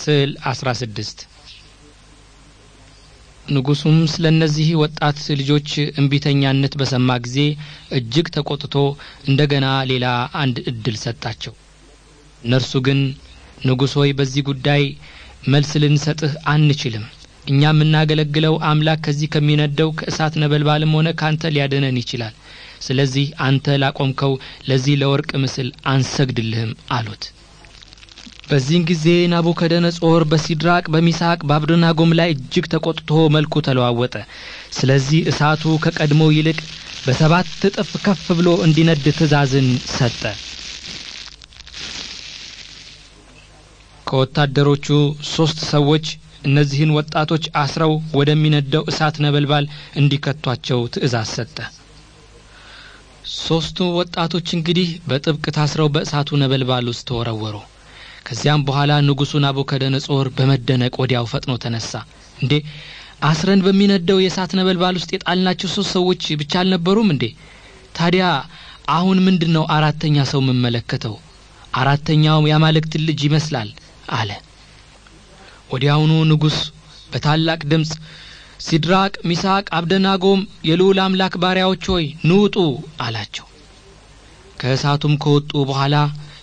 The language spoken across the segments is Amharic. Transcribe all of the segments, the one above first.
ስዕል 16 ንጉሱም ስለ እነዚህ ወጣት ልጆች እምቢተኛነት በሰማ ጊዜ እጅግ ተቆጥቶ እንደገና ሌላ አንድ እድል ሰጣቸው። እነርሱ ግን ንጉሥ ሆይ በዚህ ጉዳይ መልስ ልንሰጥህ አንችልም። እኛ የምናገለግለው አምላክ ከዚህ ከሚነደው ከእሳት ነበልባልም ሆነ ካንተ ሊያድነን ይችላል። ስለዚህ አንተ ላቆምከው ለዚህ ለወርቅ ምስል አንሰግድልህም አሉት። በዚህን ጊዜ ናቡከደነጾር በሲድራቅ በሚሳቅ በአብደናጎም ላይ እጅግ ተቆጥቶ መልኩ ተለዋወጠ። ስለዚህ እሳቱ ከቀድሞ ይልቅ በሰባት እጥፍ ከፍ ብሎ እንዲነድ ትእዛዝን ሰጠ። ከወታደሮቹ ሶስት ሰዎች እነዚህን ወጣቶች አስረው ወደሚነደው እሳት ነበልባል እንዲከቷቸው ትእዛዝ ሰጠ። ሶስቱ ወጣቶች እንግዲህ በጥብቅ ታስረው በእሳቱ ነበልባል ውስጥ ተወረወሩ። ከዚያም በኋላ ንጉሡ ናቡከደነጾር በመደነቅ ወዲያው ፈጥኖ ተነሳ። እንዴ አስረን በሚነደው የእሳት ነበልባል ውስጥ የጣልናቸው ሶስት ሰዎች ብቻ አልነበሩም እንዴ? ታዲያ አሁን ምንድን ነው አራተኛ ሰው የምመለከተው? አራተኛውም የአማልክትን ልጅ ይመስላል አለ። ወዲያውኑ ንጉሥ በታላቅ ድምፅ ሲድራቅ፣ ሚሳቅ፣ አብደናጎም የልዑል አምላክ ባሪያዎች ሆይ ንውጡ አላቸው። ከእሳቱም ከወጡ በኋላ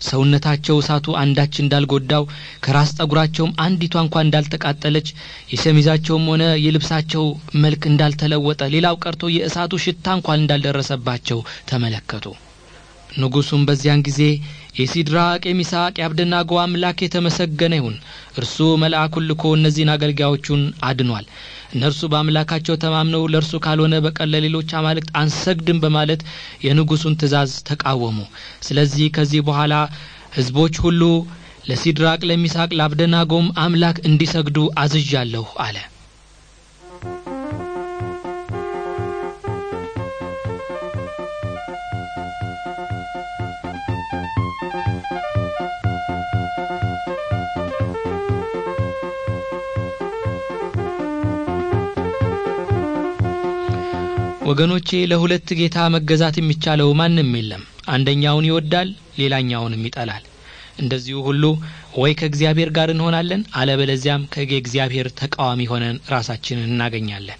ሰውነታቸው እሳቱ አንዳች እንዳልጎዳው ከራስ ጠጉራቸውም አንዲቷ እንኳ እንዳልተቃጠለች የሸሚዛቸውም ሆነ የልብሳቸው መልክ እንዳልተለወጠ ሌላው ቀርቶ የእሳቱ ሽታ እንኳን እንዳልደረሰባቸው ተመለከቱ ንጉሱም በዚያን ጊዜ የሲድራቅ የሚሳቅ የአብደናጎ አምላክ የተመሰገነ ይሁን እርሱ መልአኩን ልኮ እነዚህን አገልጋዮቹን አድኗል እነርሱ በአምላካቸው ተማምነው ለእርሱ ካልሆነ በቀር ለሌሎች አማልክት አንሰግድም በማለት የንጉሱን ትእዛዝ ተቃወሙ ስለዚህ ከዚህ በኋላ ህዝቦች ሁሉ ለሲድራቅ ለሚሳቅ ለአብደናጎም አምላክ እንዲሰግዱ አዝዣለሁ አለ ወገኖቼ ለሁለት ጌታ መገዛት የሚቻለው ማንም የለም አንደኛውን ይወዳል ሌላኛውንም ይጠላል እንደዚሁ ሁሉ ወይ ከእግዚአብሔር ጋር እንሆናለን አለበለዚያም ከእግዚአብሔር ተቃዋሚ ሆነን ራሳችንን እናገኛለን